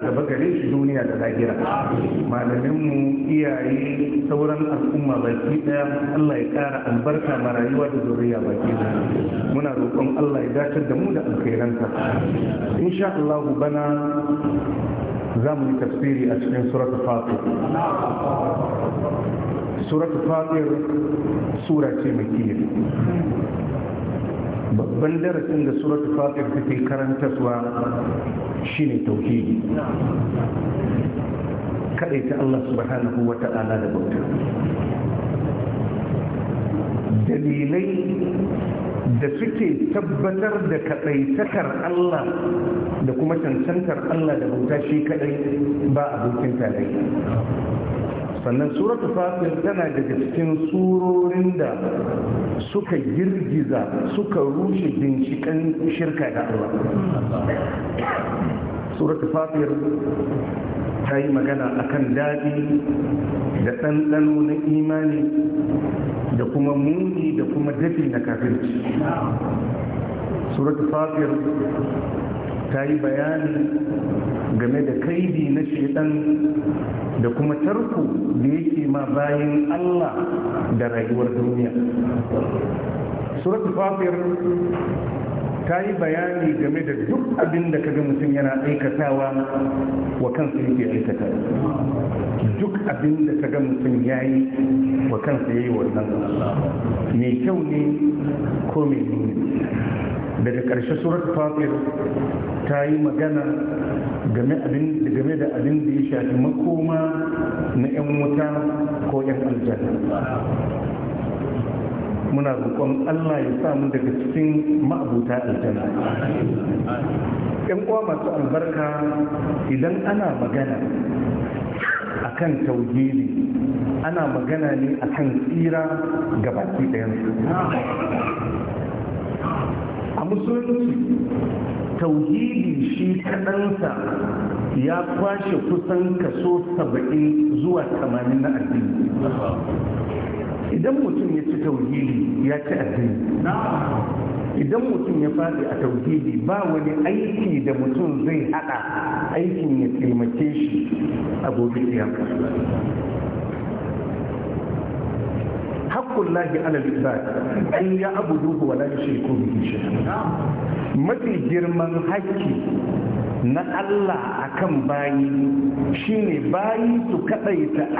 gaba gare shi duniya da lahira malaminmu iyaye sauran al'umma baki daya Allah ya kara albarka ma rayuwa da zuriya baki daya muna roƙon Allah ya dace da mu da alkhairansa insha Allah bana za mu yi tafsiri a cikin surat fatir surat fatir sura ce mai makiyya babban darasin da surat fatir take karantarwa shine tauhidi Kaɗai ta Allah subhanahu wa ta'ala da bauta dalilai da suke tabbatar da kaɗaitakar Allah da kuma cancantar Allah da bauta shi kadai ba abokin tarayya sannan suratu fatir tana daga cikin surorin da suka girgiza suka rushe binciken shirka da Allah suratu fatir ta yi magana a kan daɗi da ɗanɗano na imani da kuma muni da kuma dafi na kafirci suratu fatir ta yi bayani game da kaidi na shaidan da kuma tarko da yake ma bayan Allah da rayuwar duniya suratul fafiyar ta yi bayani game da duk abin da kaga mutum yana aikatawa wa kansa yake aikata duk abin da kaga mutum ya yi wa kansa ya yi wannan mai kyau ne ko mai nuni daga ƙarshe surat fafiyar ta yi magana game da abin da ya shafi makoma na 'yan wuta ko 'yan aljanna muna roƙon Allah ya samu daga cikin ma'abuta aljanna yan uwa masu albarka idan ana magana a kan tauhidi ana magana ne a kan tsira ga baki ɗayan a musulunci tauhidi shi kaɗansa ya kwashe kusan kaso saba'in zuwa tamanin na addini idan mutum ya ci tauhidi ya ci addini idan mutum ya faɗi a tauhidi ba wani aiki da mutum zai haɗa aikin ya taimake shi a gobe haqqullahi ala al-ibad an ya'buduhu wa la yushriku bihi shay'a mafi girman haƙƙi na Allah akan bayi shine bayi su ta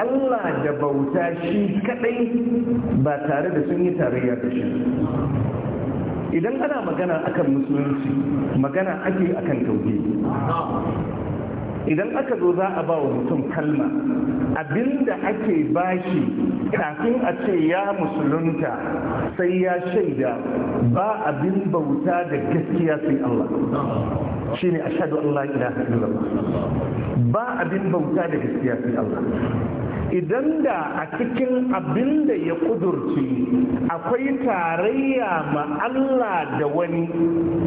Allah da bauta shi kadai ba tare da sun yi tarayya da shi idan ana magana akan musulunci magana ake akan tauhidi idan aka zo za a ba wa mutum kalma abinda ake bashi kafin a ce ya musulunta sai ya shaida ba abin bauta da gaskiya sai Allah shine ashhadu an la ilaha illallah ba abin bauta da gaskiya sai Allah idan da a cikin abin da ya kudurci akwai tarayya ma Allah da wani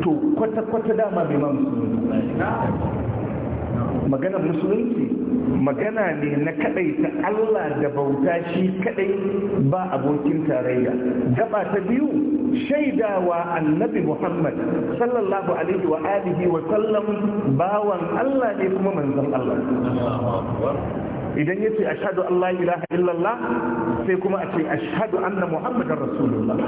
to kwata-kwata dama bai ma musulunta magana musulunci magana ne na kadai ta Allah da bauta shi kadai ba abokin tarayya gaba ta biyu shaidawa annabi Muhammad sallallahu alaihi wa alihi wa sallam bawan Allah ne kuma manzon Allah idan ya ce ashadu Allah ilaha illallah sai kuma a ce ashadu anna muhammadar rasulullah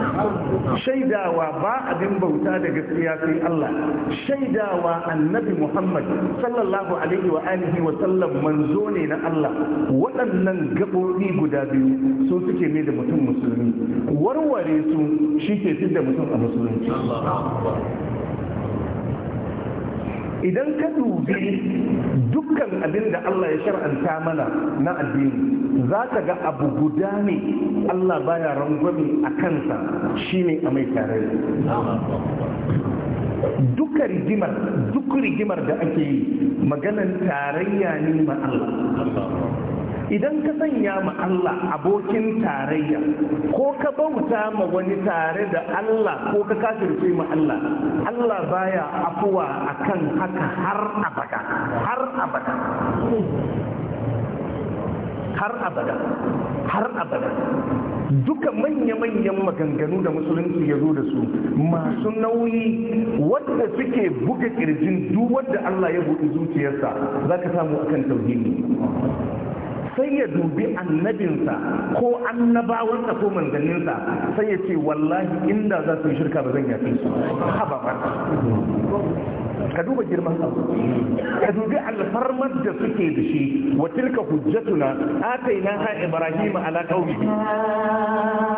shaidawa ba abin bauta da gaskiya sai Allah shaidawa annabi muhammad sallallahu alaihi wa alihi wa sallam manzo ne na Allah waɗannan gaɓoɓi guda biyu su suke ne da mutum musulmi warware su shi ke fi da mutum a musulunci idan ka dubi dukkan abin da Allah ya shar'anta mana na addini za ka ga abu guda ne Allah baya rangwami a kansa shine a mai tare duka rigimar duk rigimar da ake yi maganan tarayya ne ma idan ka sanya ma Allah abokin tarayya ko ka bauta ma wani tare da Allah ko ka kafirce ma Allah Allah baya afuwa akan haka har abada har abada har abada har abada duka manya-manyan maganganu da musulunci ya zo da su masu nauyi wanda suke buga kirjin duk wadda Allah ya buɗe zuciyarsa za ka samu akan tauhidi sai ya dubi annabinsa ko annabawansa ko manzanninsa sai ya ce wallahi inda za su yi shirka ba zan yafi su haba ba ka duba girman abu ka dubi alfarmar da suke da shi wa tilka hujjatuna ataina ha ibrahim ala qaumi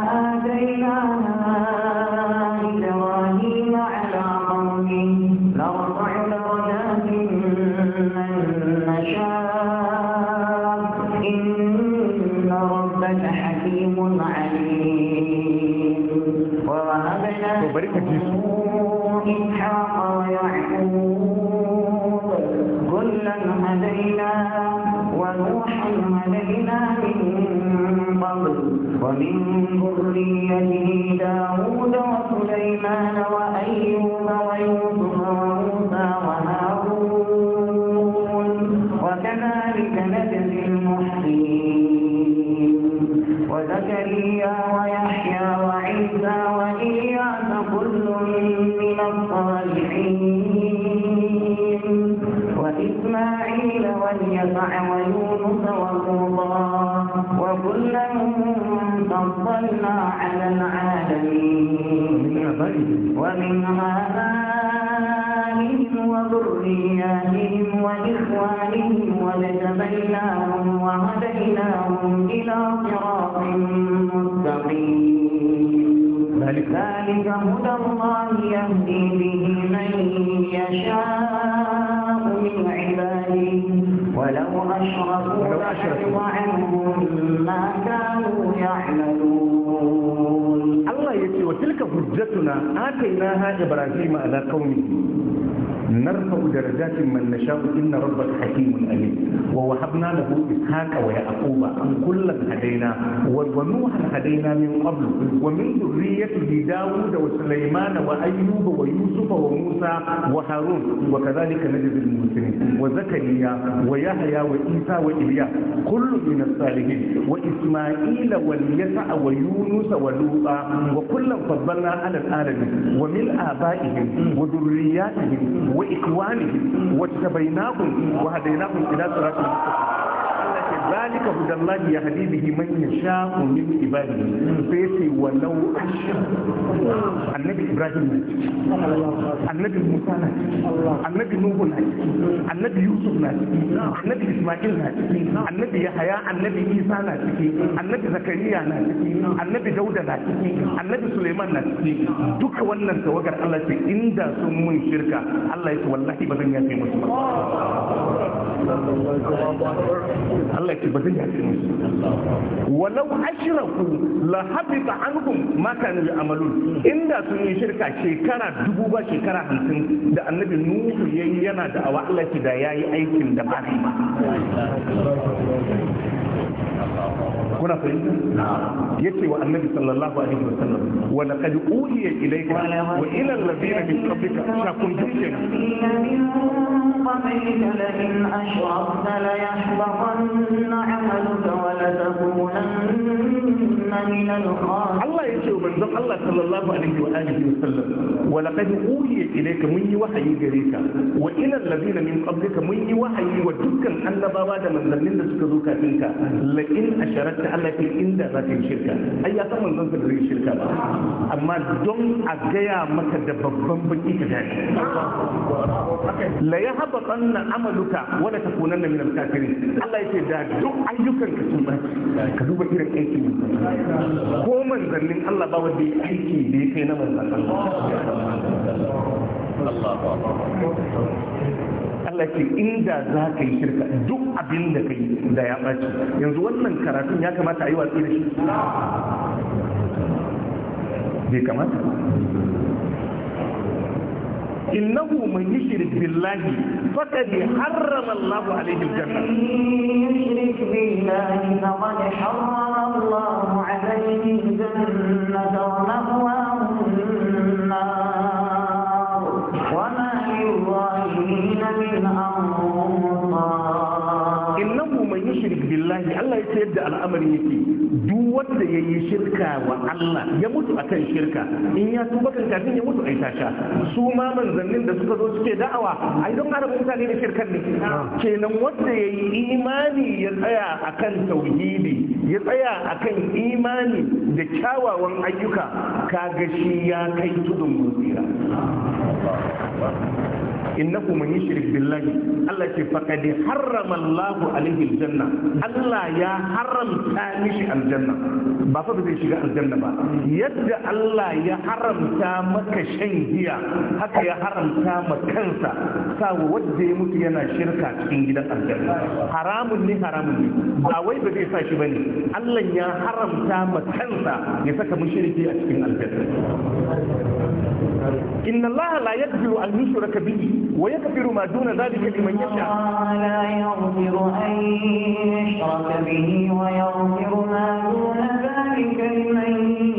ataina ibrahim ala bari ka ji su ونوحا هدينا من قبل ومن ذريته داود وسليمان وإلياس ويونس ولوطا وكلا فضلنا على العالمين ومن آبائهم وذرياتهم وإخوانهم ولجبيناهم وهديناهم إلى صراط مستقيم ذلك هدى الله يهدي به من يشاء من عباده ولو أشركوا لحفظ عنهم ما كانوا يعملون Allah ya ce wa tilka hujjatuna atainaha ibrahima ala qaumi نرفع درجات من نشاء إن ربك حكيم أليم ووهبنا له إسحاق ويعقوب كلا هدينا ونوحا هدينا من قبل ومن ذريته داود وسليمان وأيوب ويوسف وموسى وهارون وكذلك نجد المسلمين وزكريا ويحيى وإيسى وإلياس كل من الصالحين وإسماعيل واليسع ويوسف ويونس ولوطا وكلا فضلنا على العالمين ومن آبائهم وذرياتهم وإخوانهم واجتبيناهم وهديناهم إلى صراط المستقيم zalika hudallahi ya hadi bihi man yasha min ibadihi sai yace walau asha annabi ibrahim na annabi musa na annabi nuhu na annabi yusuf na annabi isma'il na annabi yahaya annabi isa na zakariya na dauda na suleiman na duka wannan tawagar Allah ce inda sun mun shirka Allah ya ce wallahi ba zan yafe musu ba Allah Allah ba zai yafe musu walau ashraku la habita ma kanu inda sun yi shirka shekara dubu ba shekara hamsin da annabi nuhu yayi yana da awa Allah da yayi aikin da ba kuna fahimta yace wa annabi sallallahu alaihi wasallam wa laqad uhiya ilayka wa ila alladhina min qablika shakun dukkan Allah yace wa manzon Allah sallallahu alaihi wa alihi wasallam wa laqad uhiya ilayka mun yi wahayi gare ka wa ila alladhina min qablika mun yi wahayi wa dukkan annabawa da manzannin da suka zo kafin ka Lakin a sharatta Allah ke inda za ta yi shirka ai ya san manzon sa da zai shirka ba amma don a gaya maka da babban baki ka gani la yahbatanna amaluka wa la takunanna min al-kafirin Allah yake da duk ayyukan ka sun baci ka duba irin aiki ne ko manzannin Allah ba wanda ya aiki da ya kai na manzon Allah Allah ke inda za ka yi shirka duk abin da kai da ya ɓaci yanzu wannan karatun ya kamata a yi watsi da shi bai kamata إنه من يشرك بالله فقد حرم الله عليه الجنة يشرك بالله فقد حرم الله عليه الجنة ومأواه النار innahu man shirk billahi Allah yake yadda al'amari yake duk wanda yayi shirka wa Allah ya mutu akan shirka in ya tuba kan kafin ya mutu ai tasha su ma manzannin da suka zo suke da'awa ai don arabin mutane da shirkan ne kenan wanda yayi imani ya tsaya akan tauhidi ya tsaya akan imani da kyawawan ayyuka kaga shi ya kai tudun musira innahu man yushrik billahi Allah ce faqad harrama Allah alaihi aljanna Allah ya haramta mishi aljanna ba fa zai shiga aljanna ba yadda Allah ya haramta maka shan giya haka ya haramta ma kansa sawa wanda ya mutu yana shirka cikin gidan aljanna haramun ne haramun ne ba wai ba zai sa shi bane Allah ya haramta ma kansa ya saka mushriki a cikin aljanna inna Allah la yaghfiru an yushraka bihi ويكفر ما دون ذلك لمن يشاء لا يغفر أن يشرك به ويغفر ما دون ذلك لمن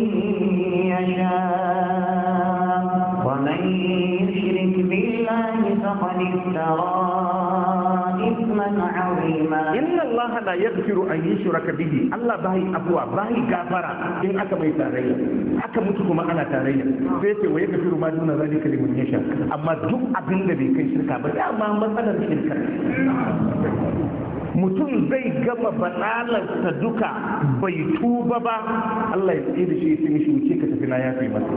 yaghfiru an yushraka bihi Allah bai abuwa bai gafara in aka mai tarayya aka mutu kuma ana tarayya sai ce wa yaghfiru ma duna zalika liman yasha amma duk abin da bai kai shirka ba dama matsalar shirka mutum zai gama batsalarsa duka bai tuba ba Allah ya tsaye shi ya mishi wuce ka tafi na yafi masa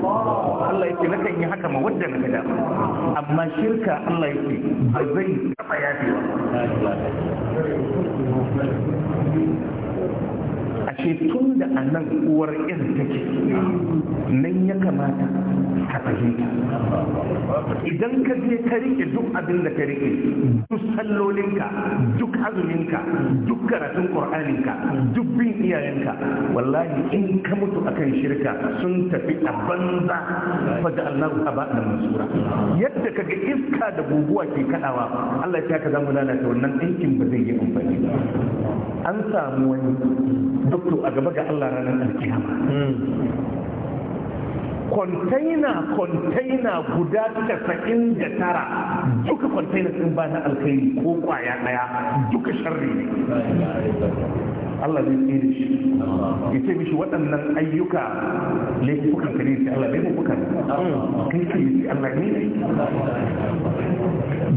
Allah ya ce kan yi haka ma wadda na gada amma shirka Allah ya ce ba zai taba yafi ba a ce tun da a uwar irin take nan ya kamata ka idan ka je ka riƙe duk abin da ka riƙe duk sallolinka duk azuminka duk karatun qur'aninka duk bin iyayenka wallahi in ka mutu a kan shirka sun tafi a banza fada allahu a ba da mansura yadda ka ga iska da guguwa ke kaɗawa Allah ya ka zamu lalata wannan aikin ba zai yi amfani an samu wani doktor a gaba ga Allah ranar alkiyama kwantaina kwantaina guda casa'in da tara duka kwantaina sun ba na alkhairi ko kwaya daya duka sharri ne Allah zai tsere shi ya ce mishi waɗannan ayyuka laifukan ka ne sai Allah bai mafuka kai ka yi Allah ne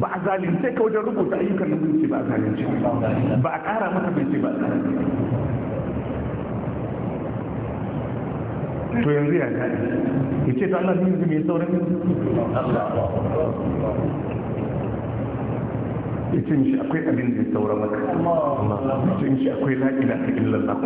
ba a zalince ka wajen rubuta ayyukan nan ba a zalince ba a ƙara maka bai ce ba a zalunce to yanzu ya ga ya ce ta Allah ne yanzu mai saurin ya ce mishi akwai abin da ya saura maka ya ce mishi akwai la'ila ta illallah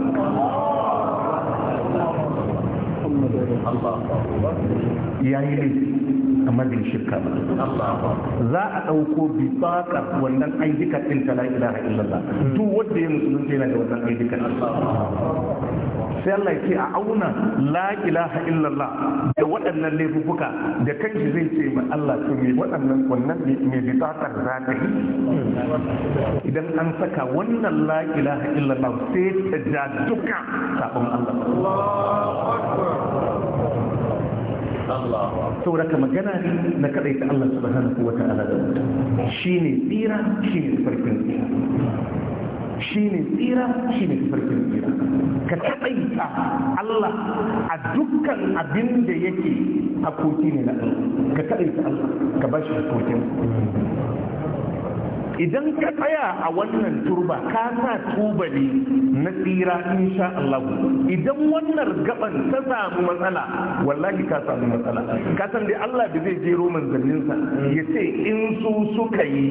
ya yi a amma bin shirka ba za a ɗauko bitsaka wannan aidikar ɗin ta la'ila ta illallah duk wanda ya musulunta yana da wannan aidikar sai Allah ya ce a auna la ilaha illallah da waɗannan laifuka da kanshi zai ce ma Allah to me waɗannan wannan me bitatar zaɓe. yi idan an saka wannan la ilaha illallah sai ta ja duka sabon Allah saboda ka magana ne na kaɗai ta Allah subhanahu wa ta'ala da mutum ne tsira ne farkin tsira shi ne tsira shi ne tsira ka taɓaita Allah a dukkan abin da yake hakoki ne na ka taɓaita Allah ka ba shi hakokin idan ka tsaya a wannan turba ka sa tubali na tsira insha Allah idan wannan gaban ta samu matsala wallahi ka samu matsala ka san dai Allah da zai jero manzanninsa ya ce in su suka yi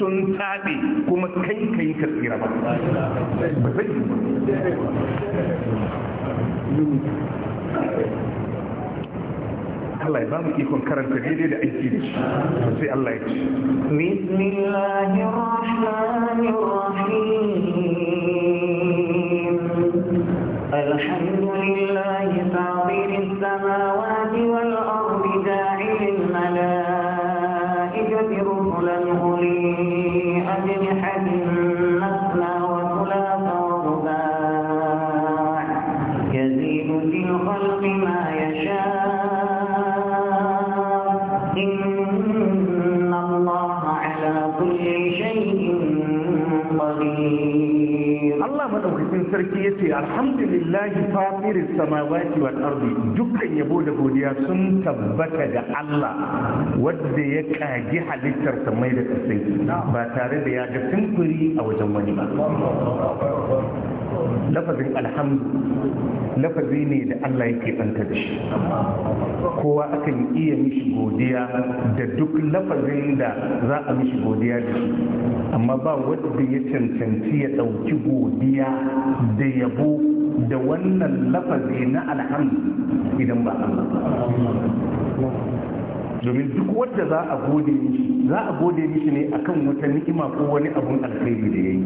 sun tabe kuma kai kai ka tsira ba ba zai Allah ya ba mu ikon karanta daidai da aiki da shi sai Allah ya ci bismillahirrahmanirrahim lillahi fatiris samawati wal ardi dukkan yabo da godiya sun tabbata da Allah wanda ya kagi halittar mai da kasai ba tare da ya ga tunkuri a wajen wani ba lafazin alhamdu lafazi ne da Allah yake banta da shi kowa akan iya mishi godiya da duk lafazin da za a mishi godiya da shi amma ba wanda ya cancanci ya ɗauki godiya da yabo da wannan lafazi na alhamdu idan ba Allah domin duk wadda za a gode mishi za a gode mishi ne akan wata ni'ima ko wani abun alkhairi da yayi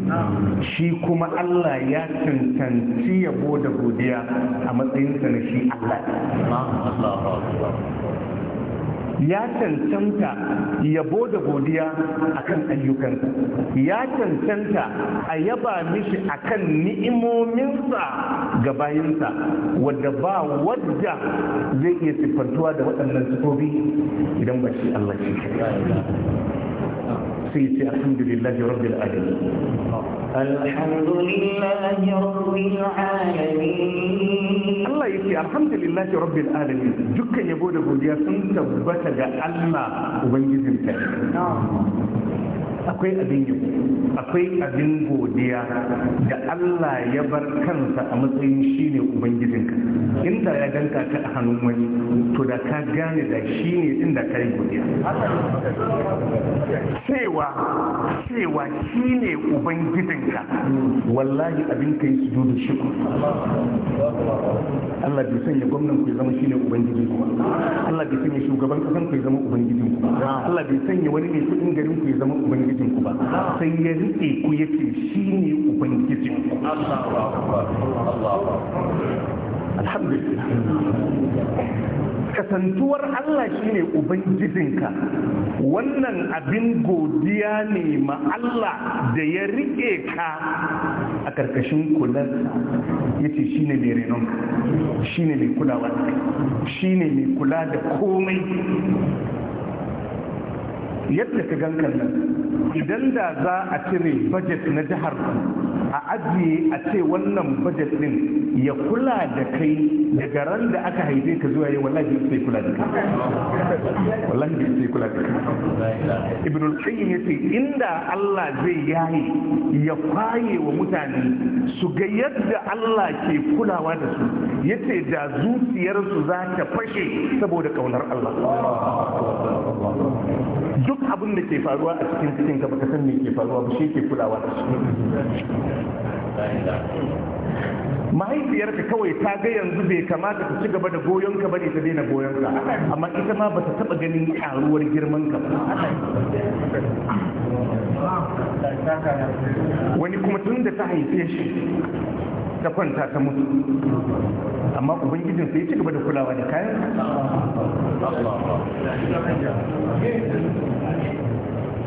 shi kuma Allah ya cancanci yabo da godiya a matsayinsa na shi Allah ya cancanta yabo da godiya akan ayyukansa ya cancanta a yaba mishi akan ni'imominsa ga bayansa, wadda ba wadda zai iya siffantuwa da waɗannan sifofi idan ba shi Allah shi sai ce alhamdulillah rabbil alamin Allah yace alhamdulillah rabbil alamin dukkan yabo da godiya sun tabbata ga Allah ubangijin kai akwai abin yabo akwai abin godiya da Allah ya bar kansa a matsayin shi ne ubangijinka inda ya danka ka a hannun wani to da ka gane da shi ne inda da ka yi godiya cewa cewa shi ne ubangijinka wallahi abin kai su dudu shi Allah bai sanya gwamnan ku ya zama shi ne ubangijin ku Allah bai sanya shugaban kasan ku ya zama ubangijin ku Allah bai sanya wani ne kudin garin ku ya zama ubangijin ubangijin ku ba sai ya rike ku yace shine ubangijin ku alhamdulillah kasantuwar Allah shine ubangijinka wannan abin godiya ne ma Allah da ya rike ka a karkashin kularsa yace shine mai renon shine mai kulawa shine mai kula da komai yadda ka gan nan idan da za a cire budget na jihar a ajiye a ce wannan budget din ya kula da kai daga ran da aka haife ka zuwa yau wallahi bai sai kula da kai wallahi bai sai kula da kai ibn al-qayyim yace inda Allah zai yayi ya kwaye wa mutane su ga yadda Allah ke kulawa da su yace da zuciyarsu za ta fashe saboda kaunar Allah duk abin da ke faruwa a cikin cikin ka baka san me ke faruwa ba shi ke kulawa da shi mahaifiyarka kawai ta ga yanzu bai kamata ta ci gaba da goyon ka bane ta daina goyon ka amma ita ma bata taba ganin karuwar girman ka wani kuma tun da ta haife shi ta kwanta ta mutu amma ubangijin sai ci gaba da kulawa da kayan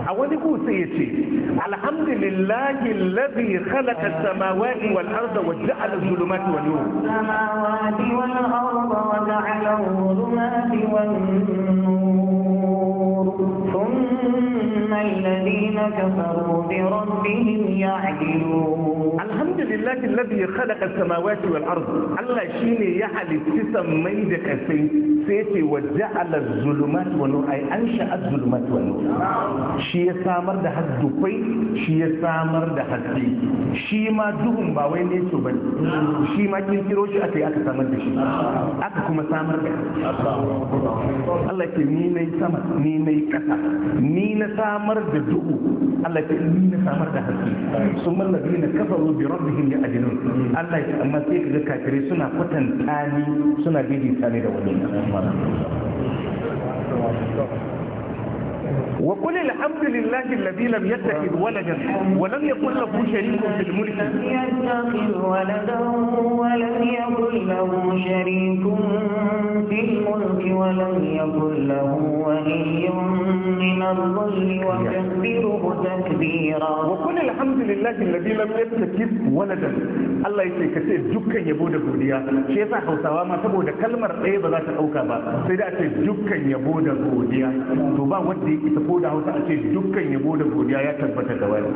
a wani kusa ya ce alhamdulillahi lafi khalaqa samawati wal arda wa ja'ala zulumati wal nur samawati wal arda wa ja'ala zulumati wal nur الذين كفروا بربهم يعدلون الحمد لله الذي خلق السماوات والأرض الله شيني يحل السسم من دقسين سيتي وجعل الظلمات والنور أي أنشأ الظلمات والنور شي سامر ده الدفي شي سامر ده الدي شي ما دهم باوين يسو بني شي ما كنترو شي أكي أكي سامر ده شي أكي كما سامر ده الله يكي مين يسامر مين يكسر مين سامر samar da duhu Allah ya ni na samar da haske sun mallabi na kafaru bi rabbihim ya ajinun Allah ya amma sai kaga kafirai suna kwatanta ni suna daidaita ne da wani وقل الحمد لله الذي لم يتخذ ولدا ولم يكن له شريك في الملك لم يتخذ ولدا ولم يكن له شريك في الملك ولم يكن له ولي من الظل وكبره تكبيرا وقل الحمد لله الذي لم يتخذ ولدا Allah ya ce ka ce dukkan yabo da godiya shi yasa Hausawa ma saboda kalmar ɗaya ba za ta ɗauka ba sai da a ce dukkan yabo da godiya to ba wanda ya isa ko yabo da hausa a ce dukkan yabo da godiya ya tabbata da wani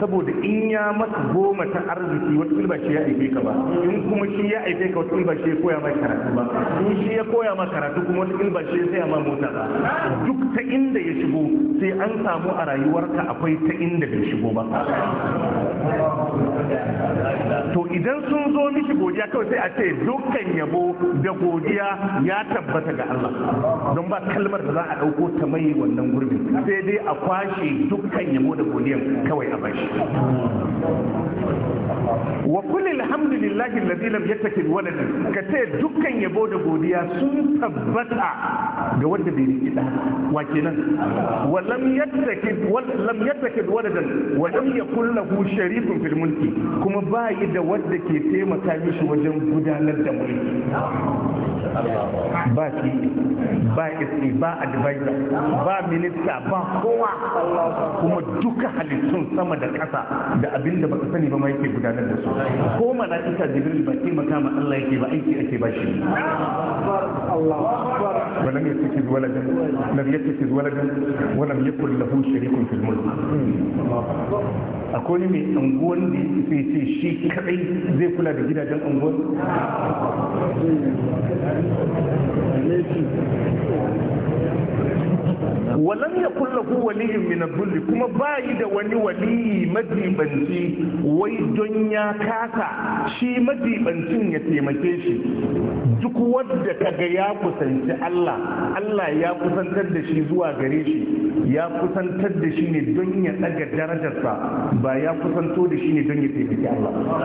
saboda in ya masa goma ta arziki wata ba shi ya aife ka ba in kuma shi ya aife ka wata ba shi ya koya ma karatu ba in shi ya koya ma karatu kuma wata ba shi ya saya ma mota ba duk ta inda ya shigo sai an samu a rayuwarka akwai ta inda bai shigo ba to idan sun zo miki godiya kawai sai a ce dukkan yabo da godiya ya tabbata ga Allah don ba kalmar da za a ɗauko ta mai wannan gurbin sai dai a kwashe dukkan yamo da godiyan kawai a bashi wa kulli alhamdulillahi alladhi lam yattakil waladan ka ce dukkan yabo da godiya sun tabbata ga wanda bai riki da wa kenan wa lam yattakil wal lam yattakil waladan wa lam yakul lahu sharikun fil mulki kuma ba yi da wanda ke taimaka mishi wajen gudanar da mulki ba shi ba isi ba advisor ba minista ba kowa kuma duka halittun sama da ƙasa da abin da baka sani ba ma yake gudanar da su ko mala'ika jibril ba ke makama Allah yake ba aiki ake ba shi Wala ne ولم يتخذ ولدا لم يتخذ ولدا ولم يكن له شريك في الملك akwai mai anguwan da sai ce shi kadai zai kula da gidajen anguwan. walam ya kulla ku waliyin min adulli kuma bayi da wani waliyi madibanci wai don ya kasa shi madibancin ya taimake shi duk wanda kaga ya kusanci Allah Allah ya kusantar da shi zuwa gare shi ya kusantar da shi ne don ya daga darajarsa ba ya kusanto da shi ne don ya taimaki Allah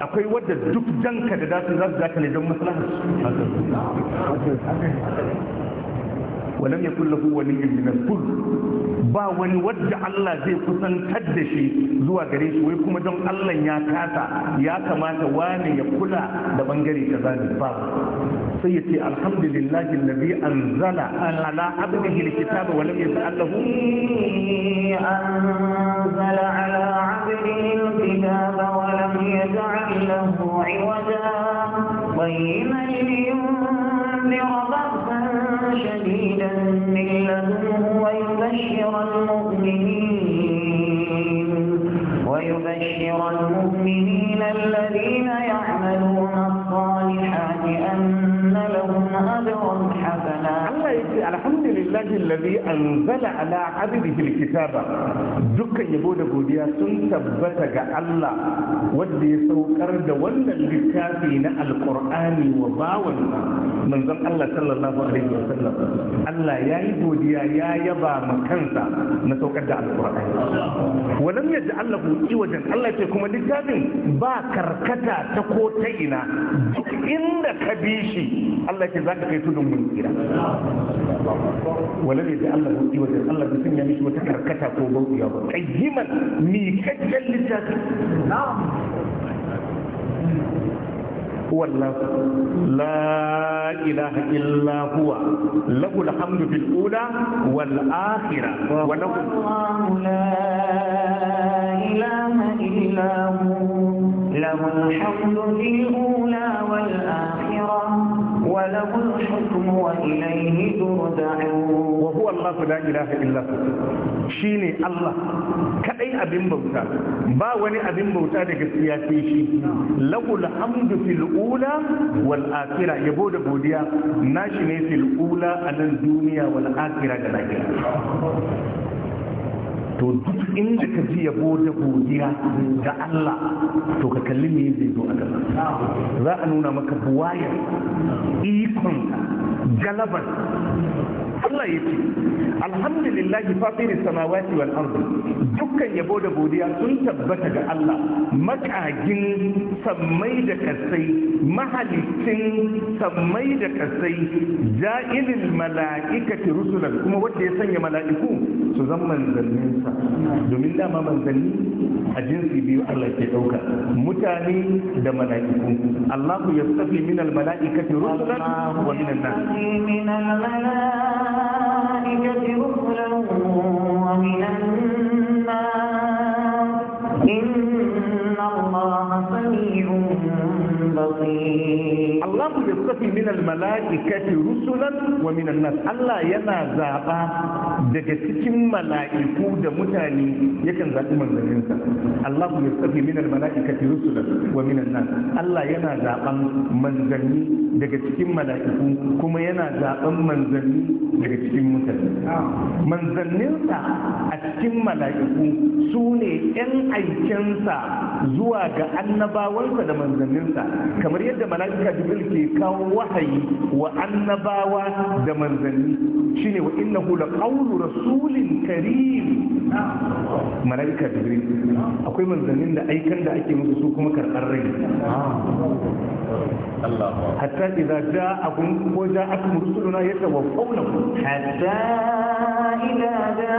akwai wadda duk janka da za su zaka ne don maslahar ولم يكن له ولي من الكل با وني ود الله زي كسن كدشي زوا غريش وي كما دون الله يا كاسا يا كما تا واني يكلا ده بنغري كذا با سيتي الحمد لله الذي انزل على عبده الكتاب ولم يجعل له انزل على عبده الكتاب ولم يجعل له عوجا قيما لينذر ضبطا شديدا من لدنه ويبشر المؤمنين ويبشر المؤمنين الذين يعملون الصالحات أن لهم أجرا حسنا Allah ya ce alhamdulillahi alladhi anzala ala abdihi alkitaba dukkan yabo da godiya sun tabbata ga Allah wanda ya saukar da wannan littafi na alqur'ani wa bawan manzon Allah sallallahu alaihi wasallam Allah ya yi godiya ya yaba ma kansa na saukar da alqur'ani wa lam yaj'al Allah ce kuma littafin ba karkata ta ko ta ina duk inda ka bi shi Allah zaka kai tudun mun ولم يتألف إيوة الله بسنة مش متكركتها فوق يابا قيما ميكتا لسات نعم هو الله لا إله إلا هو له الحمد في الأولى والآخرة وله لا إله إلا هو له الحمد في الأولى والآخرة له الحكم وإليه ترجعون وهو الله لا إله إلا هو شيني الله كأي أبن بوتا با وني أبن بوتا دك سياسي شي له الحمد في الأولى والآخرة يبود بوديا ناشني في الأولى على الدنيا والآخرة دلاجة to duk inda ka ji yabo da godiya ga Allah to ka kalli me zai zo a gaba za a nuna maka buwaya ikon galabar Allah ya ce alhamdulillah fatiris samawati wal ardi dukkan yabo da godiya sun tabbata ga Allah makagin sammai da kasai mahalicin sammai da kasai ja'ilil mala'ikati rusulan kuma wanda ya sanya mala'iku su zan manzanninsa domin dama manzanni a jinsi biyu Allah ke ɗauka mutane da mala'iku Allah ya safi min al-mala'ikati rusulan wa min nas min al rusulan wa min nas inna Allah بصير الله يصطفي من الملائكة رسلا ومن الناس الله ينا زابا daga cikin mala'iku da mutane yakan zaɓi manzanninsa Allah ya tsafi minal mala'ikati rusulan wa minan nas Allah yana zaɓan manzanni daga cikin mala'iku kuma yana zaɓan manzanni daga cikin mutane manzanninsa a cikin mala'iku sune ne ‘yan aikensa zuwa ga annabawansa da manzanninsa kamar yadda mala'ika jibril ke kawo wahayi wa annabawa da manzanni shine wa innahu la qawlu rasulin karim mala'ika jibril akwai manzannin da aikan da ake musu su kuma karɓar rai hatta idza ja'akum wa ja'akum rusuluna yatawaffawna hatta idza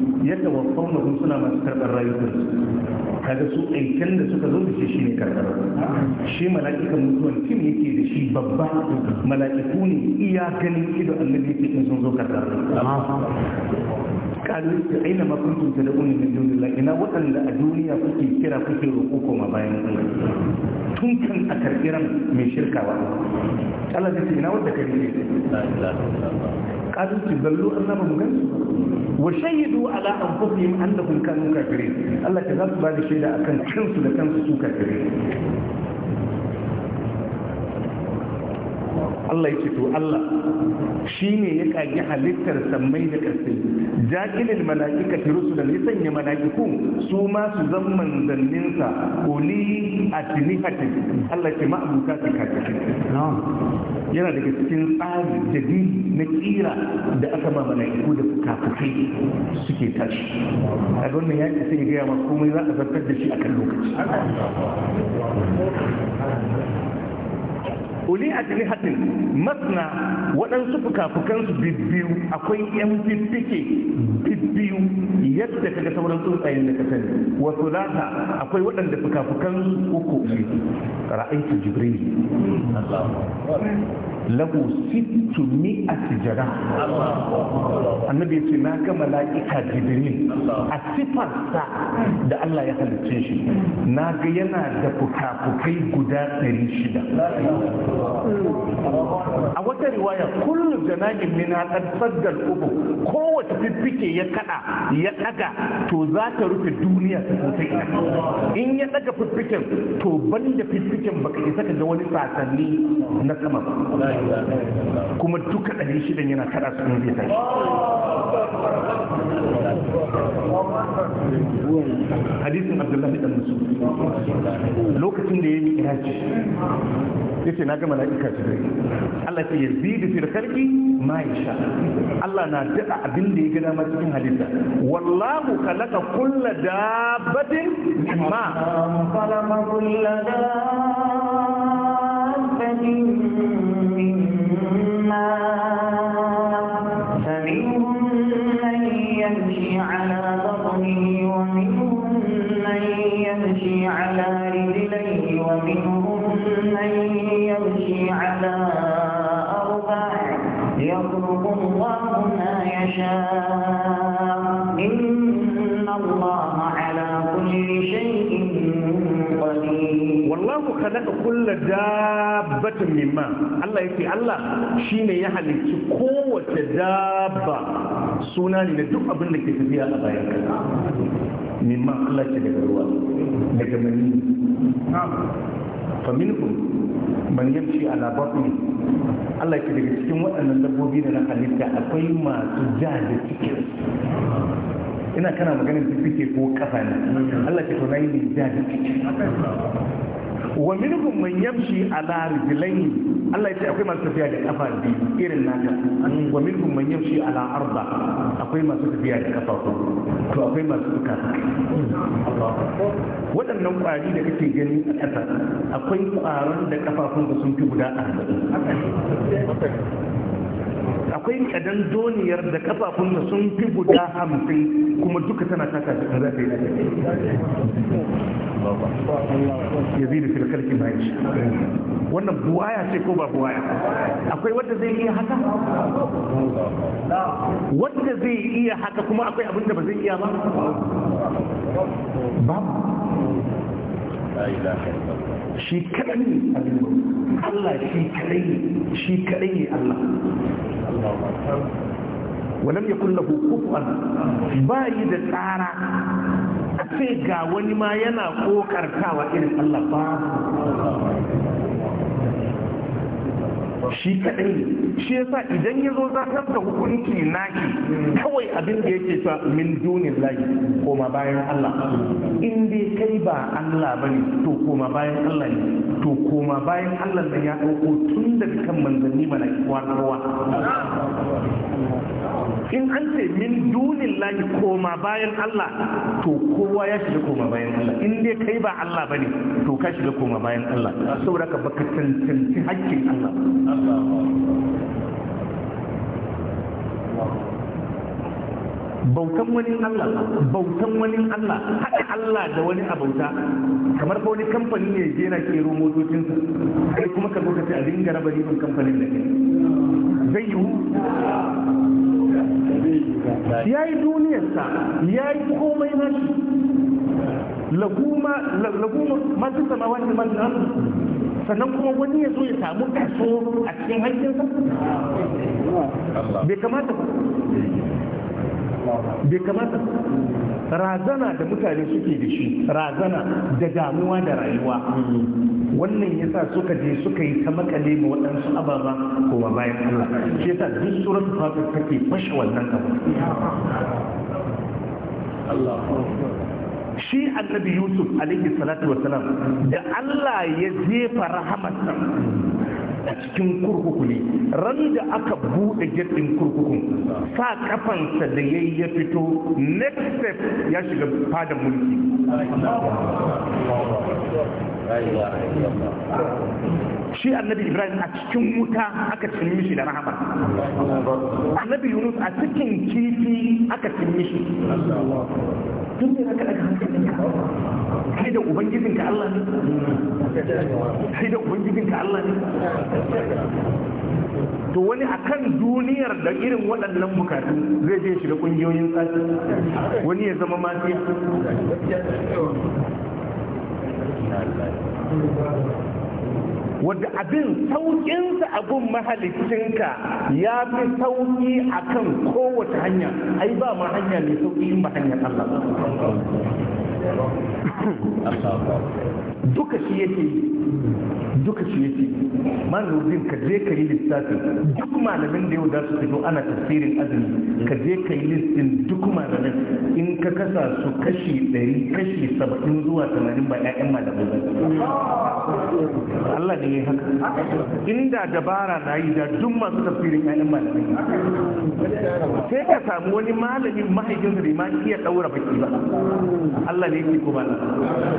yadda wasu mutum suna masu karɓar rayukan kaga su aikin da suka zo da shi shine karɓar shi mala'ikan mutuwan tim yake da shi babba mala'iku ne iya ganin ido annabi yake in sun zo karɓar kalu aina ma kuntum tad'una min dunillah ina waɗanda a duniya kuke kira kuke roƙo koma bayan Allah tun kan a karɓiran mai shirkawa Allah zai ce ina wanda kare قالوا تذلوا أن لهم جنس وشهدوا على أنفسهم أنهم كانوا كافرين الله كذلك بعد شيء أكن كنس لكنس سوء كافرين Allah yake to Allah shi ne ya kage halittar sammai da ƙasai ja'ilil mala'ikati rusulan ya sanya mala'iku su ma su zan manzanninsa uli atnihatin Allah ce ma'abuka ta kakakin yana daga cikin tsari jadi na kira da aka ma mala'iku da fukafukai suke tashi a wannan ya ce sai ya gaya ma komai za a zartar da shi a kan lokaci a ajlihatin masna waɗansu fukafukansu bibbiyu akwai yan bibbike bibbiyu yadda kaga sauran tsuntsayen da ka sani wa akwai waɗanda fukafukansu uku ne ra'aitu jibril lahu sittu mi'ati jara annabi ya ce na ga mala'ika jibril a sifarsa da Allah ya halicce shi na ga yana da fukafukai guda ɗari shida a wata riwaya kullu jana'in mina qad saddal ubu kowace fiffike ya kada ya daga to za ta rufe duniya ta ina in ya daga fiffiken to da fiffiken baka isa ka ga wani sasanni na sama kuma duka ɗari shidan yana kada su ne zai tashi hadisin abdullahi dan musu lokacin da ya yi iraji ya ce na gama na ika shi Allah ce ya zi da firkarki ma ya sha Allah na daɗa abin da ya gada ma cikin hadisa wallahu kalaka kulla dabbatin mimma khalaqa kulla dabbatin mimma فمنهم يمشي على بطنه ومنهم من يمشي على رجليه ومنهم من يمشي على أربع يخلق الله ما يشاء إن الله على كل شيء قدير والله خلق كل دابة مما ماء الله يفي الله شيني يحلق قوة دابة suna ne da duk abin da ke tafiya a bayan kasa min ma Allah ke daga ruwa daga mani faminkum man yamshi ala batni Allah ke daga cikin waɗannan dabbobi da na halitta akwai masu ja da cikin ina kana maganin da ke ko kafa ne Allah ke to nayi ja da cikin wa minhum man yamshi ala rijlayn Allah yace akwai masu tafiya da kafa biyu irin naka wa minhum man yamshi ala arba akwai masu tafiya da kafa ko to akwai masu Allah wadannan ƙwari da kake gani a ƙasa akwai kwaron da kafafun da sun fi guda arba'in akwai kadan doniyar da kafafun da sun fi guda hamsin kuma duka tana taka da za ta yi ya zai da filkarki bayan shi wannan buwaya ce ko ba buwaya akwai wadda zai iya haka wadda zai iya haka kuma akwai abin da ba zai iya ba Ba! shi kaɗai ne Allah shi kaɗai ne shi kaɗai ne Allah walam ya kulla kufuwan ba yi da tsara a ga wani ma yana kokartawa irin Allah ba shi kaɗai shi yasa idan ya zo zartar da hukunci naki kawai abin da yake cewa min dunin lahi koma bayan Allah in dai kai ba Allah bane to koma bayan Allah ne to koma bayan Allah nan ya dauko tun daga kan manzanni mana kwana in an ce min dunin lahi koma bayan Allah to kowa ya shiga koma bayan Allah in dai kai ba Allah bane to ka shiga koma bayan Allah saboda ka baka cancanci hakkin Allah bautan wani Allah bautan wani Allah haɗa Allah da wani abauta kamar ba wani kamfani ne je na kero motocinsa kai kuma ka zo ka ce a dinga raba kamfanin da ke. zai yiwu ya yi duniyarsa ya yi komai nashi laguma masu sama wani manzan sannan kuma wani ya zo ya samu kaso a cikin hankinsa bai kamata ba bai kamata razana da mutane suke da shi razana da damuwa da rayuwa mm-hmm. wannan yasa suka je suka yi ta makale ma waɗansu ababa koma bayan Allah shi yasa duk surat fatir take fashe wannan abu shi annabi yusuf alaihi salatu wa Salam da Allah ya jefa rahamarsa a cikin kurkuku ne ran da aka buɗe jirgin kurkukun sa kafansa da ya ya fito next step ya shiga fadar mulki shi annabi ibrahim a cikin wuta aka cin mishi da rahama annabi yunus a cikin kifi aka cin mishi tun da aka daga hankalinka kai da ubangijinka allah ne kai da ubangijinka allah ne to wani akan duniyar da irin waɗannan bukatu zai je shiga ƙungiyoyin tsari wani ya zama mafiya wadda abin sauƙinsa abin mahalicinka ya fi sauƙi a kan kowace hanya ai ba ma hanya mai sauƙi in ba hanyar Allah duka shi yake duka shi yake malamin ka je ka yi lissafin duk malamin da yau za su fito ana tafsirin azumi ka je ka yi listin duk malamin in ka kasa su kashi ɗari kashi saba'in zuwa tamanin ba 'ya'yan malamai ba Allah ne ya haka inda dabara na yi da duk masu tafsirin 'ya'yan malamin sai ka samu wani malamin mahaifinsa da ma iya ɗaura baki ba Allah ne kuma na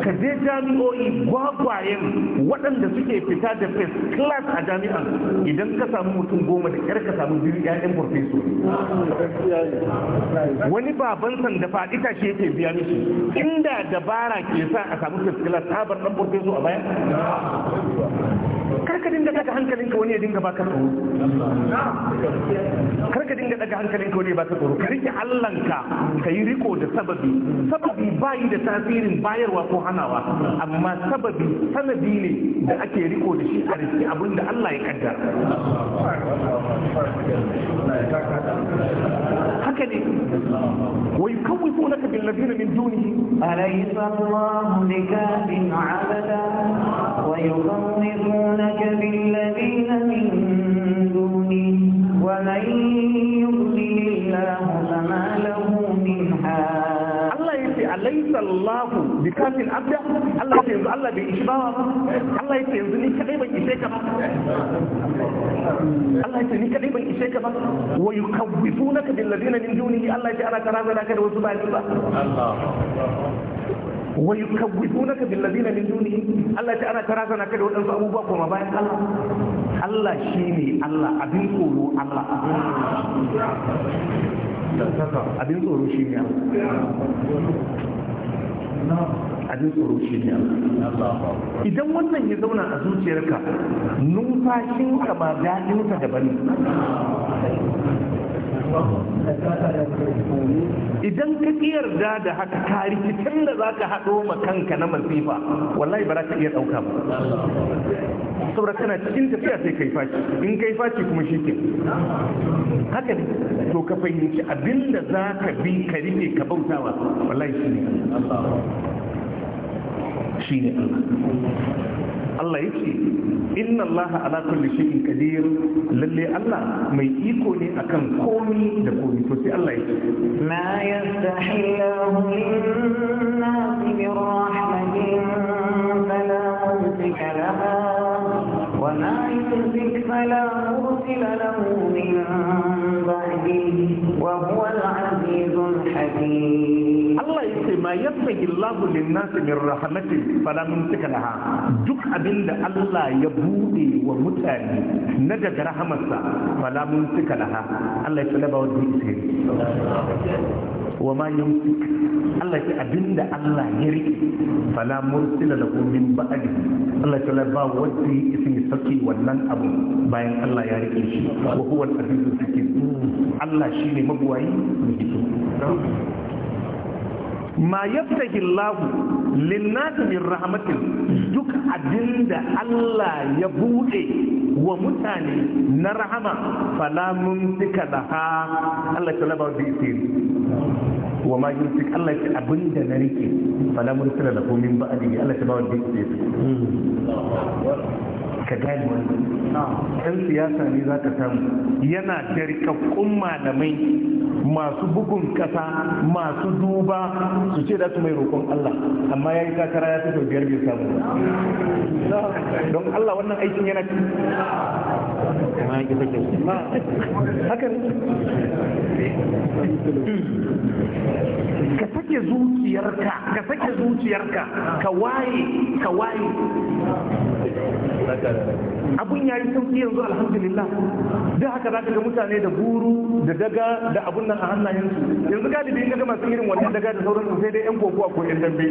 ka je jami'o'i gwagwayen waɗanda suke fita da first class a jami'an idan ka samu mutum goma da kyar ka samu biyu ƴaƴan farfesu wani baban sanda faɗi tashi ke biya mishi inda dabara ke sa a samu first class bar ɗan farfesu a baya karka dinga daga hankalinka wani ya dinga baka tsoro karka dinga daga hankalinka wani ya baka tsoro ka rike allanka ka yi riko da sababi sababi bayi da tasirin bayarwa ko hanawa amma sababi sanadi ne da ake riko da shi a riski abin Allah ya kaddara هكذا ويكوفونك بالذين من دونه أليس الله لكاف عبدا ويخوفونك بالذين من دونه ومن alaysa Allahu bikafin abda Allah ya yanzu Allah bai ishi bawa ba Allah ya yanzu ni kadai ban ishe ka ba Allah ya ni kadai ban ishe ka ba wa yukawwifunaka bil ladina min dunihi Allah ya ana karazana ka da wasu bayan ba Allah wa yukawwifunaka bil ladina min dunihi Allah ya ana karazana ka da wadansu abubuwa kuma bayan Allah Allah shine Allah abin tsoro Allah abin tsoro shine Allah abin tsoro shi ne idan wannan ya zauna a zuciyarka numfashinka ma daɗinsa daban idan ka yarda da haka ka tun da za ka haɗo ma kanka na masifa wallahi ba za ka iya ɗauka ba saboda kana cikin tafiya sai kai faci in kai faci kuma shi ke haka ne to ka fahimci abinda za ka bi ka rike ka bautawa wallahi shi ne shi ne Allah ya ce inna Allah ala kulli shay'in qadir lalle Allah mai iko ne akan komi da komi to sai Allah ya ce ma yastahillahu lin-nas bi rahmatin fala mumsika laha wa ma yumsik fala mursila lahu min ba'dihi wa huwa al-'azizul hakim Allah ya ce ma yabtaghi Allahu lin-nasi min rahmatin fala mumsika laha duk abinda Allah ya bude wa mutane na daga rahamarsa fala mumsika laha Allah ya ce ba wanda yake wa ma yumsik Allah ya ce abinda Allah ya rike fala mursila lahu min ba'di Allah ya ce ba wanda yake sauki wannan abu bayan Allah ya rike shi wa huwa al-azizul hakim Allah shine magwayi mai hikima ma yaftahi Allah linnasi min rahmatin duk abinda Allah ya bude wa mutane na rahama fala Allah ta laba wa ma Allah ta abinda na rike fala min Allah ta ba ka gane wani yan siyasa ne za ka samu yana da rikakkun malamai masu bugun kasa masu duba su ce da su mai roƙon Allah amma ya yi takara ya fito biyar bai samu don Allah wannan aikin yana ci kuma ya kyau haka ka sake zuciyarka ka sake zuciyarka ka waye ka waye abun ya yi sauki yanzu alhamdulillah da haka za ka ga mutane da buru da daga da abun nan a hannayensu yanzu galibi in ga masu irin wannan daga da sauran sai dai yan kokowa ko yan dambe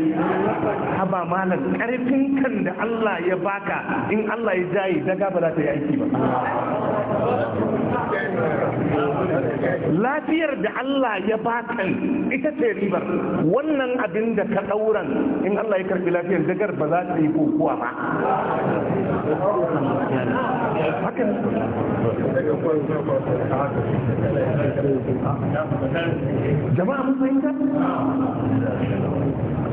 haba malam karfin kan da Allah ya baka in Allah ya jaye daga ba za ta yi aiki ba lafiyar da Allah ya bakan ita ce ribar wannan abin da ka ɗauran in Allah ya karɓi lafiyar dagar ba za ta yi kokuwa ba jama'a mun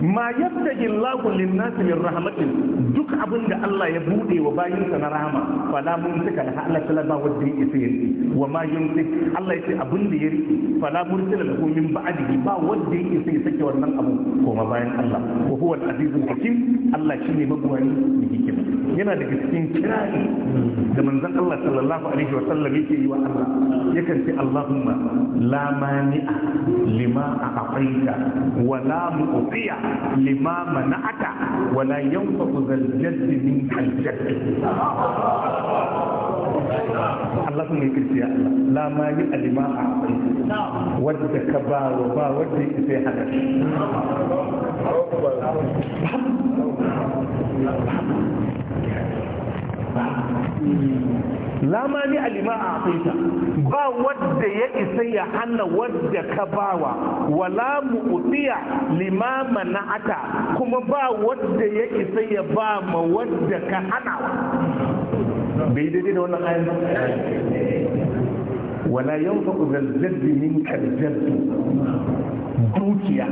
ma yadda Allahu lin-nasi min rahmatin duk abin da Allah ya bude wa bayin sa na rahama fala mumsika da Allah ta ba yake sai wa ma yumsik Allah ya ce abin da ya fa fala mursila lahu min ba'dihi ba wanda yake sai sake wannan abu ko koma bayan Allah wa huwa al-azizul hakim Allah shine magwani da hikima yana daga cikin kirari da manzan Allah sallallahu alaihi wa sallam yake yi wa Allah ya ce Allahumma la mani'a lima a'taita wa la mu'tiya lima mana'ata wa la yanfa'u zal jaddi min al Allah sun ya kirki ya Allah la mani a lima a wadda ka ba wa ba wadda ya sai hada ba lamani alima a afirka ba wadda ya isa ya hana wadda ka bawa wala mu'tiya lima aka kuma ba wadda ya isa ya ba ma wadda ka hana bai daidai da wannan ayan wala yanfa'u zalzalbi min aljaddu dukiya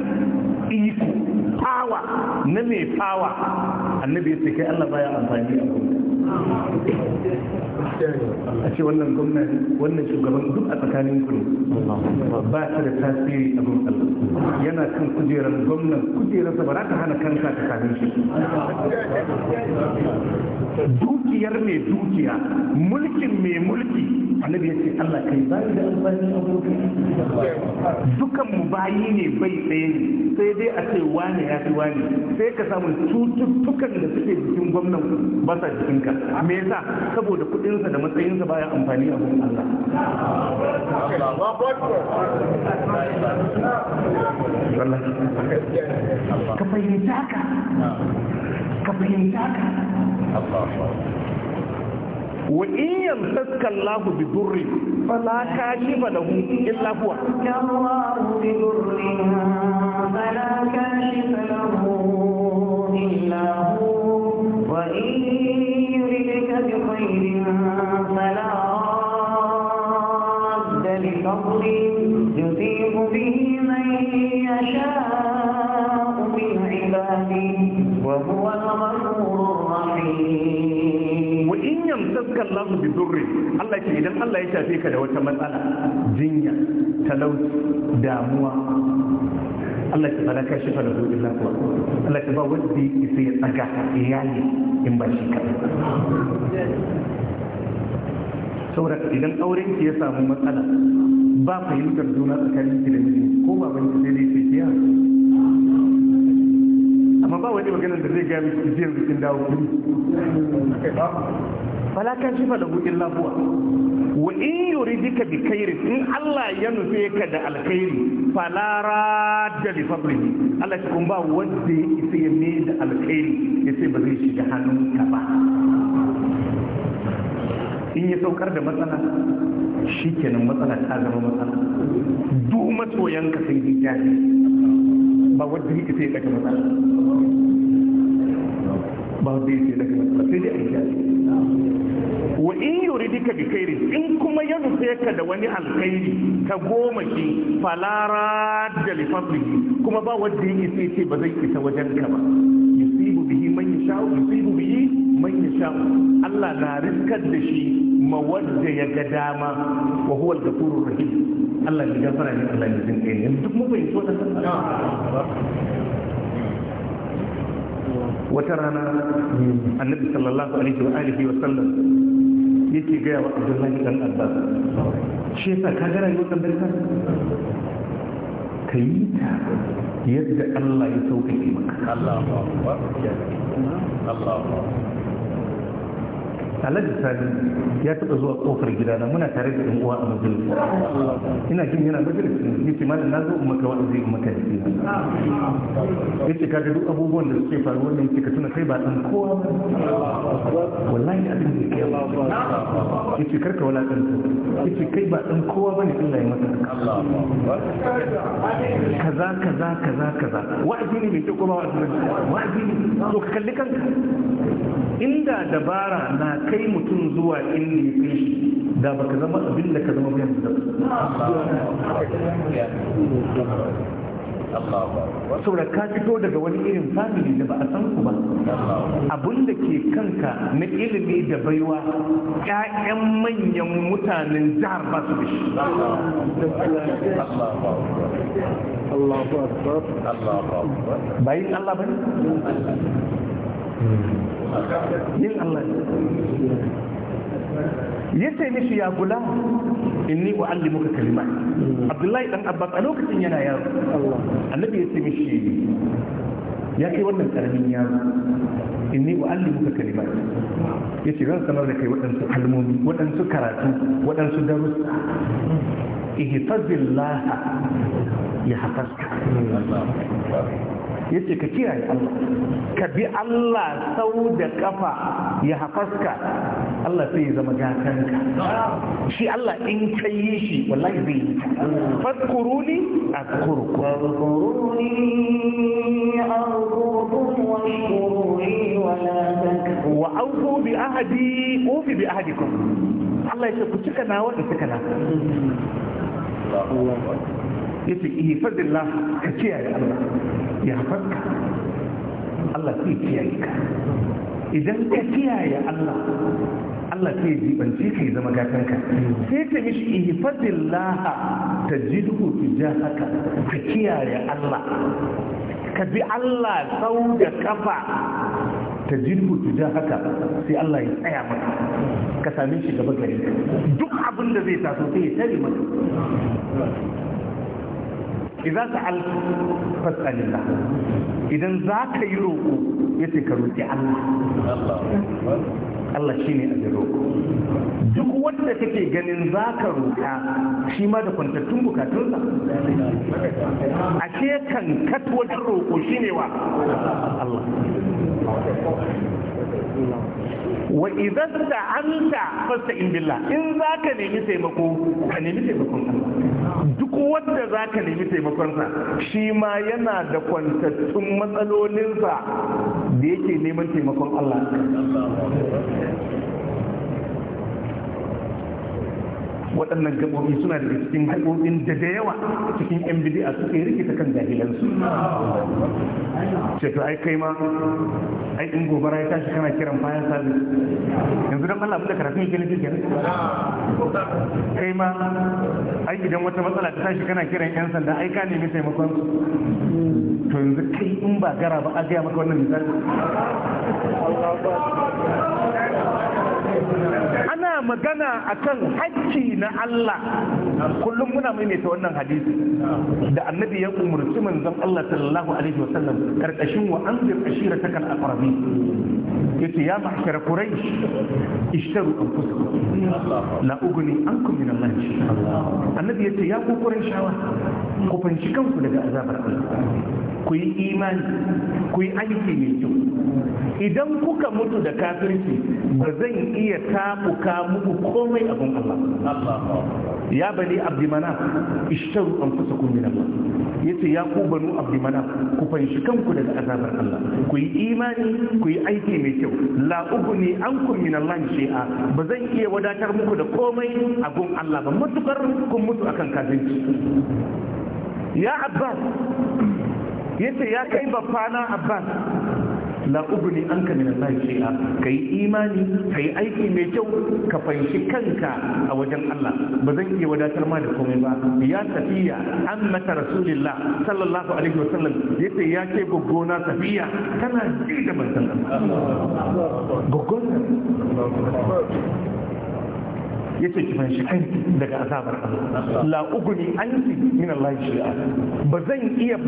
iko fawa na mai fawa annabi ya ce kai Allah baya amfani a a ce wannan gwamnati wannan shugaban duk a tsakanin ku ba shi da tasiri a gun yana kan kujerar gwamnan kujerarsa ba za ta hana kanka ta kamin shi dukiyar mai dukiya mulkin mai mulki annabi ya ce Allah kai bayi da a gobe dukan mu bayi ne bai tsaye ne sai dai a ce wane ya fi wane sai ka samu cututtukan da suke jikin gwamnan ba sa jikin ka me yasa saboda kudinsa da matsayinsa baya amfani a gurin Allah ka fahimta ka ka fahimta ka وإن يمسك الله بضر فلا كاشف له إلا هو وإن يردك بخير فلا رد لفضل يذيب به من يشاء من عباده وهو الغفور الرحيم yamsaka Allah bi durri Allah ke idan Allah ya shafe ka da wata matsala jinya talauci damuwa Allah ke fara kashi fara zuwa illa Allah ke ba wanda ya sai ya tsaga yayi in ba shi ka saboda idan auren ki ya samu matsala ba fahimtar juna tsakanin ki da miji ko ba ban ki sai dai ki amma ba wani maganar da zai gami ki jin rikin dawo kuri fala ka shi fa lahu illa huwa wa in yuridika bi kairi in Allah ya nufe ka da alkhairi fala radda bi fadli Allah ya kun ba wanda ya isa ya ne da alkhairi ya sai ba zai shiga ka ba in ya saukar da matsala shi kenan matsala ta zama matsala duk masoyanka sun dai jaji ba wanda ya isa ya daga matsala ba wanda ya isa ya daga matsala sai dai a yi wa in yuridika bi khairin in kuma ya nufe ka da wani alkhairi ka goma shi falara da lifaflihi kuma ba wanda yake sai ce ba zai isa wajen ka ba yusibu bihi man yasha yusibu bihi man yasha Allah na riskar da shi mawadda ya ga dama wa huwa al-ghafurur rahim Allah ya gafara ne Allah ya jin kai duk mun bai so da wata rana annabi sallallahu alaihi wa alihi wa sallam yake gaya wa abdullahi dan abbas shi yasa ka gara rayuwar dan barka ka yi ta yadda Allah ya sauƙaƙe maka Allahu akbar Allahu akbar alhaji sani ya taɓa zuwa kofar gidana muna tare da ɗan uwa a majalisa ina jin yana majalisa ne yace malam na zo in maka wa'azi in maka yaki yace kaga duk abubuwan da suke faruwa ne yace ka tuna kai ba dan kowa ba wallahi abin da yake yace karka wala kanta yake kai ba ɗan kowa ba ne Allah ya maka kaza kaza kaza kaza wa'azi ne mai kyau kuma wa'azi ne wa'azi ne so ka kalli kanka inda dabara na kai mutum zuwa inda ya kai shi da baka zama abin da ka zama bayan da ba saboda ka fito daga wani irin family da ba a san ku ba abin da ke kanka na ilimi da baiwa ƴaƴan manyan mutanen jihar ba su shi bayin Allah ba ne? Hmm. yin Allah ne ya ce mishi ya gula inni wa an muka kalima abdullahi dan abbas a lokacin yana yaro annabi ya ce mishi ya kai wannan karamin yaro inni wa an muka kalima ya ce zan sanar da kai waɗansu kalmomi waɗansu karatu waɗansu darussa ihfazillaha ya hafaska ya ce ka kiyaye Allah ka bi Allah sau da kafa ya hafaska Allah sai ya zama gatanka shi Allah in ka yi shi wallahi zai yi ta fadkuruni azkurukum fadkuruni azkurukum washkuruni wala takfurun wa awfu bi ahdi ufi bi ahdikum Allah ya ce ku cika nawa da cika na yace ihfazillah ka kiyaye Allah ya Allah sai kiyaye ka idan ka kiyaye Allah Allah sai ya jibance ka ya zama gatan ka sai ta mishi ihfadillah ta jidhu tijahaka ka kiyaye Allah ka bi Allah sau da kafa ta jirgu tuja haka sai Allah ya tsaya maka ka same shi gaba gari duk abinda zai taso sai ya tare maka idza sa'alta fas'alillah idan za ka yi roƙo ya ce ka roƙi Allah Allah shi ne a roƙo duk wanda kake ganin za ka roƙa shi ma da kwantattun bukatunsa a ce kan kat wajen roƙo shi ne wa Allah wa idan da an ta fasa in billa in za ka nemi taimako ka nemi taimakon duk wanda za ka nemi taimakonsa shi ma yana da kwantattun matsalolinsa da yake neman taimakon Allah waɗannan gaɓoɓi suna da cikin haƙoƙin da da yawa cikin yan bidi'a suke rikita kan jahilansu ceto ai kai ma ai in gobara ya tashi kana kiran bayan sabi yanzu don Allah abin da karatun yake nufi kenan kai ma ai idan wata matsala ta tashi kana kiran yan sanda ai ka nemi taimakon to yanzu kai in ba gara ba a gaya maka wannan misali magana akan hakki na Allah kullum muna maimaita wannan hadisi da annabi ya umarci manzon Allah sallallahu alaihi wasallam karkashin wa anzir ashiratakal aqrabi yace ya ma'shara quraish ishtaru na la an ankum min Allah annabi yace ya ku shawar, ku fanci kanku daga azabar Allah ku yi imani ku yi aiki mai kyau idan kuka mutu da kafirci ba zan iya tafuka muku komai abin Allah ya bani abdimana ishtaru an fusa kun min Allah yace ya ku banu abdimana ku fanshi kanku daga azabar Allah ku yi imani ku yi aiki mai kyau la ugni ankum min Allah shi'a ba zan iya wadatar muku da komai abin Allah ba matukar kun mutu akan kafirci ya abbas yace ya kai baffa na abbas la ubni anka min Allah shi'a kai imani kai aiki mai kyau ka fanshi kanka a wajen Allah ba zan iya wadatar ma da komai ba ya safiya ammata rasulillah sallallahu alaihi wasallam yace ya ce gogona safiya tana ji da manzon Allah yace ki fanshi kai daga azabar Allah la uguni anti min Allah shay'a ba zan iya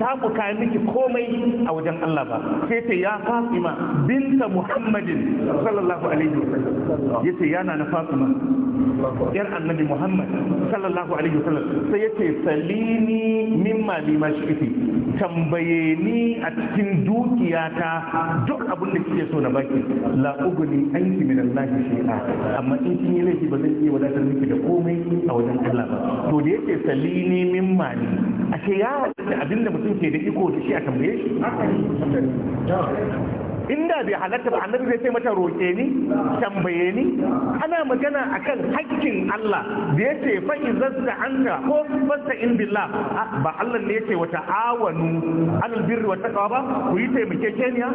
tabuka miki komai a wajen Allah ba sai ta ya Fatima binta Muhammadin sallallahu alaihi wasallam yace yana na Fatima yar annabi Muhammad sallallahu alaihi wasallam sai yace salini mimma bi ma shi tambaye ni a cikin dukiyata duk abin da kike so na baki la uguni anti min Allah shay'a amma in kin yi kanki ba zai iya wadatar miki da komai a wajen Allah ba to da yake salini min mali ashe ya abinda mutum ke da iko da shi a tambaye shi inda bai halatta ba annabi zai ce mata roke ni tambaye ni ana magana akan hakkin Allah da yace fa izasta anka ko fasta in billah ba Allah ne yace wata awanu alal birri wa taqwa ba ku yi keniya.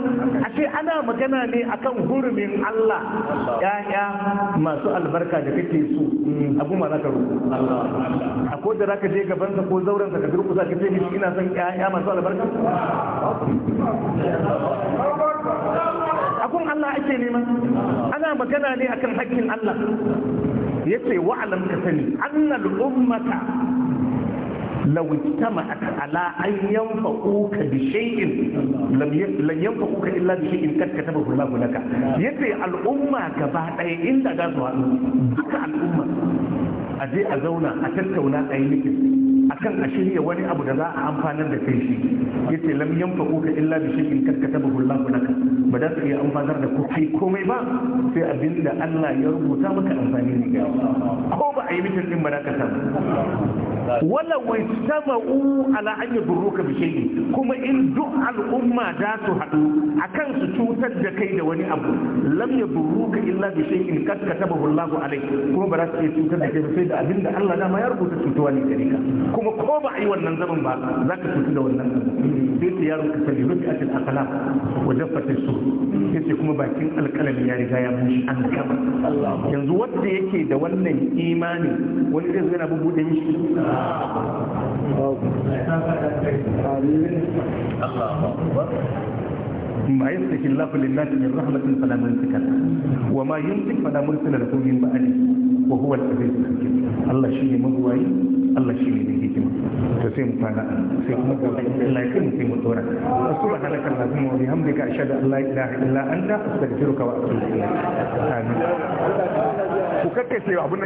A ce ana magana ne akan hurumin Allah ya'ya masu albarka da kake so abu ma zaka Allah a ko da zaka je gaban ka ko zauren ka ka durƙusa ka ce ina son ya'ya masu albarka akun Allah ake nema ana magana ne akan hakkin Allah ya yace wa'alam ka sani annal ummata law ijtama'at ala an yanfa'uka bi shay'in lam yanfa'uka illa bi shay'in kad katabahu Allah laka yace al'umma gaba daya inda za su haɗu duka al'umma a je a zauna a tattauna a yi mikin akan a shirya wani abu da za a amfanar da kai shi yace lam yanfaqu ka illa bi shay'in kad Allah laka ba za su iya amfanar da ku kai komai ba sai abinda Allah ya rubuta maka amfani ne ga ko ba a yi mutum din ba za ka samu wala wai sama'u ala an yadurruka bi shay'in kuma in duk al'umma da su haɗu akan su cutar da kai da wani abu lam yadurruka illa bi shay'in kad katabahu Allah alayk kuma ba za su iya cutar da kai sai da abinda Allah dama ya rubuta cutuwa ne gare ka kuma kuma ko ba a yi wannan zaman ba za ka cutu da wannan sai ta yaro ka sani rufi atil akala wa dafata su sai ce kuma bakin alƙalami ya riga ya mushi an gaba yanzu wanda yake da wannan imani wani irin yana bubbuɗe mishi Allah ma yastakin lafulin nasi min rahmatin fala mulkika wa ma yumsik fala mulkika lahu min ba'di wa huwa al-aziz Allah shi ne mahuwai Allah shi ne hikima to sai mu fara sai kuma ga Allah kin sai mu tsora subhanaka allahumma wa bihamdika ashhadu an la ilaha illa anta astaghfiruka wa atubu ilayk amin ku kake sai abun